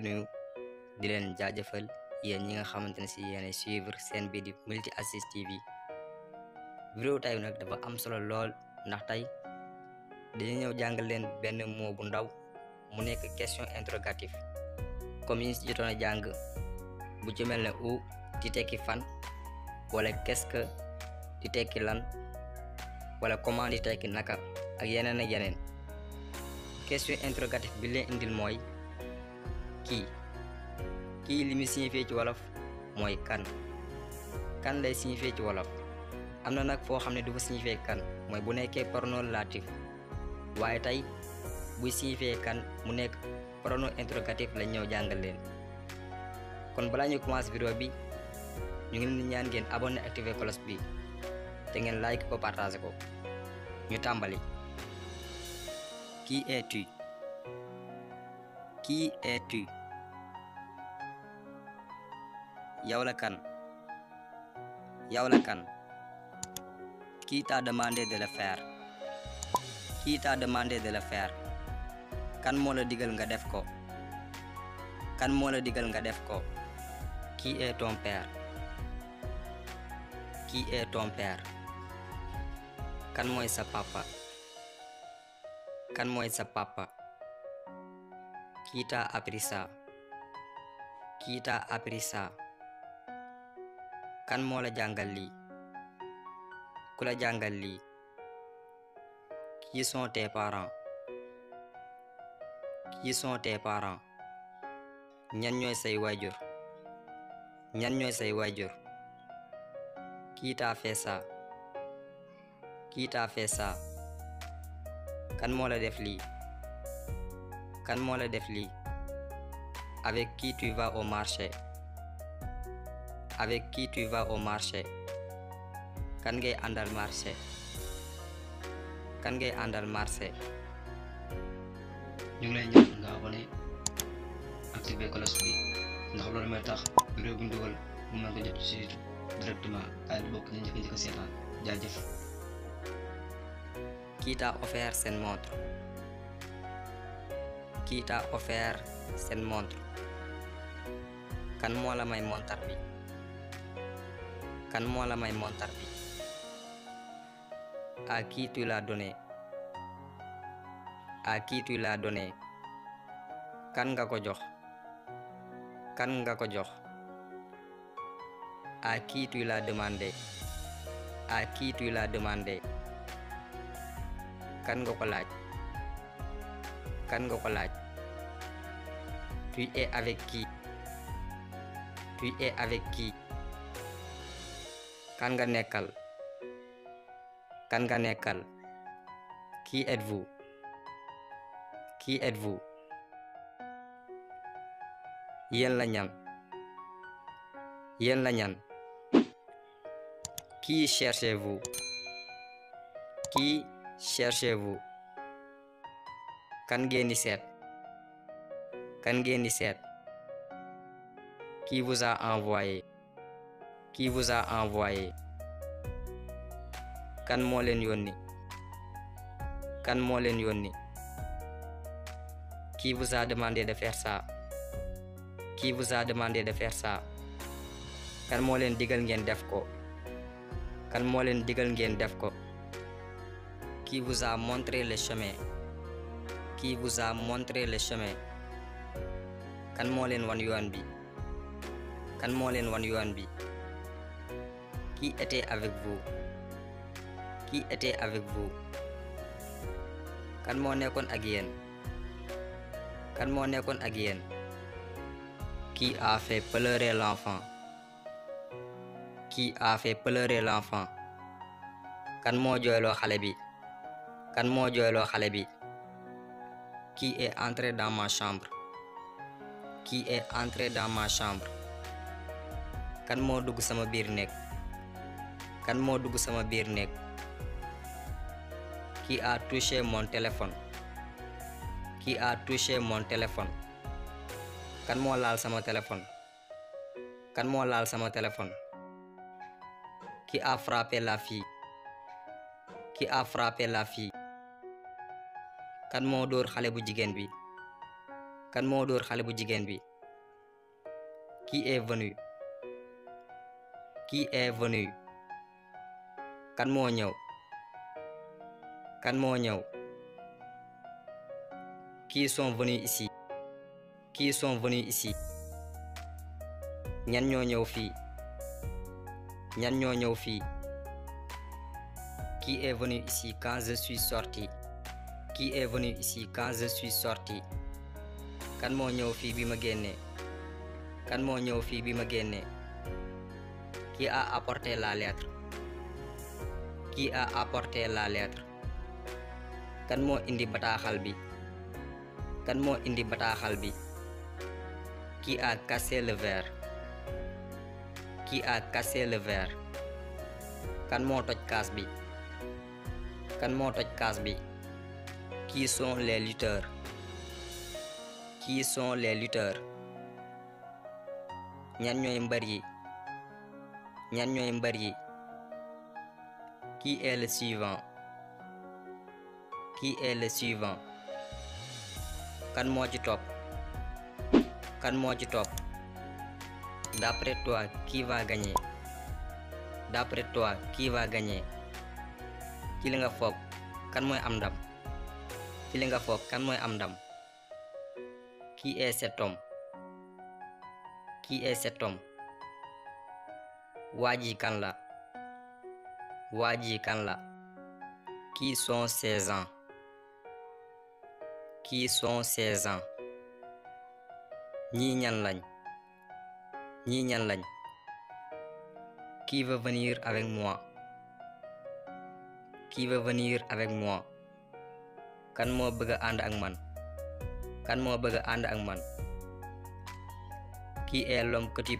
leen di nuyu di leen jaajëfal yéen ñi nga xamante ne si yéenay suivre seen bii di Multi Aziz TV vidéo tay nag dafa am solo lool ndax tey dañu ñëw jàngal leen benn moo bu ndaw mu nekk question interrogative comme yi si jotoon jàng bu ci mel ne u di tekki fan wala qu'est-ce di tekki lan wala comment di tekki naka ak yeneen ak yeneen question interrogative bi indi indil mooy kii kii li muy ci wolof mooy kan kan lay signifié ci wolof am na nag foo xam ne du fa signifié kan mooy bu nekkee pronom relatif waaye tey buy signifié kan mu nekk pronom interrogatif lañ ñëw jàngal leen kon balaa ñu commencé vidéo bi ñu ngi leen di ñaan ngeen abonné activé cloche bi te ngeen like ko partagé ko ñu tàmbali qui es-tu Qui es-tu yow la kan yow la kan qui t'a demandé de le faire qui t'a demandé de le faire kan moo la digal nga def ko kan moo la digal nga def ko qui est ton qui est ton kan mooy sa papa kan mooy sa papa Kita aprisa Kita aprisa kan moo la jàngal lii ku la jàngal lii qui sont tes parents qui sont tes ñan ñooy say waajur ñan ñooy say waajur qui t'a fait ça qui t'a fait kan moo def lii kan moo def lii avec qui tu vas au marché kan ngay àndal marché kan ngay àndal marché ñu ngi lay nga abonné activer cloche bi ndax loolu mooy tax vidéo bu ñu dugal mu mën directement kaay bokk ñu njëkk njëkk seetaan jaajëf qui t'a seen montre qui t'a offert seen montre kan may montar bi kan moo la may donné à donné kan nga ko jox kan nga ko jox à qui tu l'as demandé à qui demandé kan nga ko laaj kan nga ko laaj Tu es avec qui kan nga nekkal kan nga nekkal kii êtes-vous qui êtes-vous yéen la ñan yéen la ñan qui cherchez-vous qui kan ngeen seet kan ngeen di seet kii vous a envoyé kii vous a envoyé kan moo leen yónni kan moo leen yonni kii vous a demandé de faire ça qui vous a demandé de faire kan moo leen digal ngeen def ko kan moo leen digal ngeen def ko qui vous a montré le chemin qui vous a montré le chemin kan moo leen wan yoon bi kan moo leen wan yoon bi kii était avec vous qui était avec vous kan moo nekkoon ak yéen kan moo nekkoon ak yéen qui a fait pleurer l'enfant kii a fait pleurer l'enfant kan moo jooyloo xale bi kan moo jooyloo xale bi qui est entré dans ma qui est entré dans ma chambre kan moo dugg sama biir néeg kan moo dugg sama biir néeg qui a touché mon téléphone qui a touché kan moo laal sama téléphone kan moo laal sama téléphone ki a frappé la fille qui a frappé la fille kan moo dóor xale bu jigéen bi kan moo dóor xale bu jigéen bi qui est venu qui est venu kan moo ñëw kan moo ñëw qui sont venus ici qui sont venus ici ñan ñoo ñëw fii ñan ñoo ñëw fii qui est venu ici quand je suis sorti qui est venu ici quand je suis sorti kan moo ñëw fii bi ma génnee kan moo ñëw fii bi ma génnee qui a apporté la lettre qui a apporté la lettre kan moo indi bataaxal bi kan moo indi bataaxal bi kii a cassé le verre qui a cassé le verre kan moo toj kaas bi kan moo toj kaas bi kii sont les lutteurs qui sont les lutteurs ñan ñooy mbër yi ñan ñooy mbër yi qui est le suivant kii est le suivant kan moo ci topp kan moo ci topp d'après toi qui va gagner d'après toi qui va ci li nga foog kan mooy am ndam ci li nga foog kan mooy am ndam Qui est cet kii Qui est cet kan la waa kan la kii sont ces kii Qui sont ces gens ñii ñan lañ ñii ñan lañ Qui veut venir avec moi Qui veut avec moi kan moo bëgg a ànd ak man kan moo bëgg a ànd ak man qui est l'homme que tu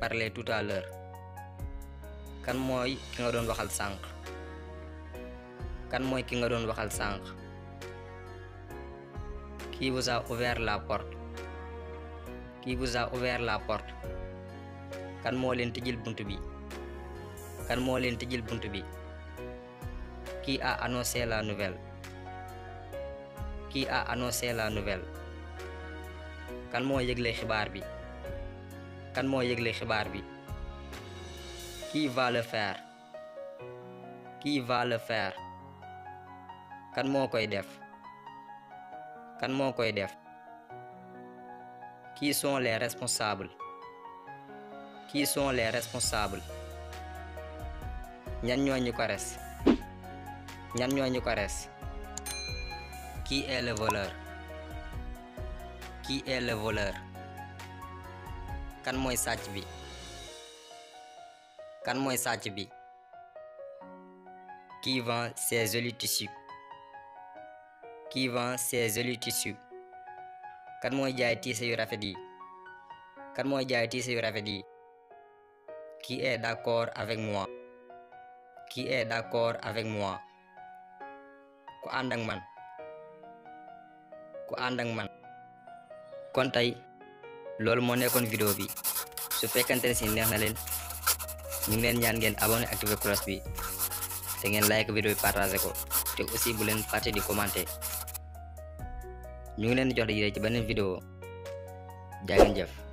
parlais tout à kan mooy ki nga doon waxal sànq kan mooy ki nga doon waxal sànq kii vous a la porte kii vous a la porte kan moo leen tijjil bunt bi kan moo leen tijjil bunt bi Qui a annoncé la nouvelle Qui a annoncé la nouvelle kan moo yëgle xibaar bi kan moo yëgle xibaar bi Qui va le faire Qui va le faire kan moo koy def kan moo koy def qui sont les responsables qui sont les responsables ñan ñoo ko res ñan ñoo ñu ko res qui est le voleur qui est le voleur kan mooy sàcc bi kan mooy sàcc bi qui vend ses jolis tissus qui vend ses jolis tissus kan mooy jaay tiise yu rafet yi kan mooy jaay tiise yu rafet yi qui est d'accord avec moi qui est d'accord avec moi ku ànd ak man ku ànd ak man kon tey loolu moo nekkoon vidéo bi su fekkante ne si neex na leen ñu ngi leen ñaan ngeen abonné activé cloche bi te ngeen like vidéo bi partagé ko te aussi bu leen fàtte di commenter ñu ngi leen di jox di ci beneen vidéo jaa ngeen